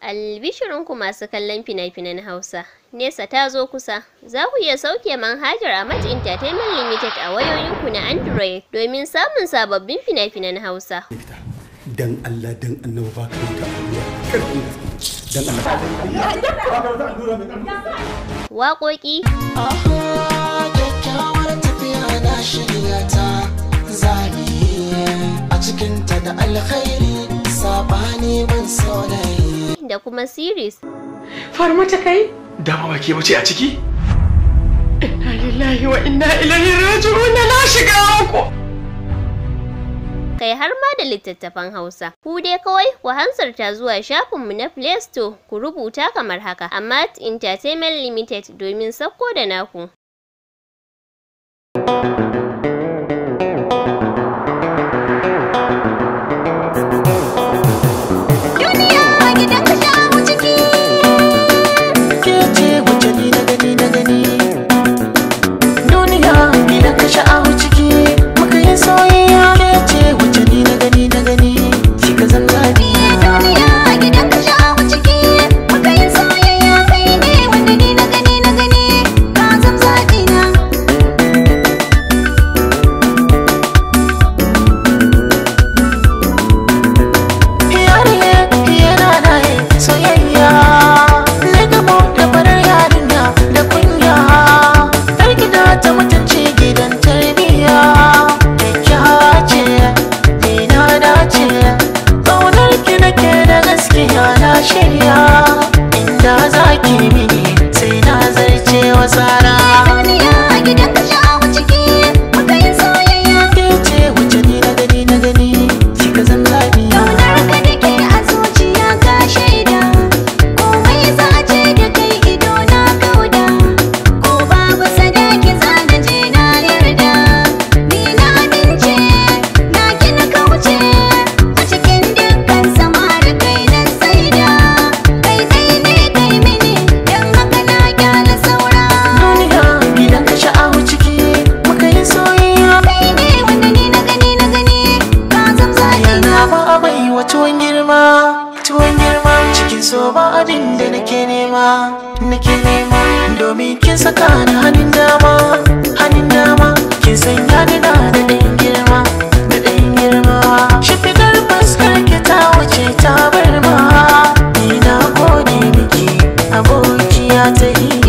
Albishirinku masu kallon fina-finan Hausa, Nesa ta zo kusa, za ku iya sauke manhajar Amat Entertainment Limited a wayoyinku na Android domin samun sababbin fina-finan Hausa. Dan Allah dan annabi ba ka Dan Waƙoƙi. a cikinta da alkhairi sabani ban so da kuma series. mata kai? Dama ba ke wuce a ciki? Inna lillahi wa inna ilaihi raji'un na shiga uku. Kai har ma da littattafan Hausa. Ku dai kawai ku ta zuwa shafinmu na Play Store ku rubuta kamar haka, amma Entertainment Limited domin sakko da naku. thank you ma abin da nake nema nake nema domin kin saka ni hannun dama hannun dama kin sanya ni na da ɗan girma da ɗan girma shimfiɗar fuskar ki ta wuce ta bar ma ni na gode miki abokiya ta yi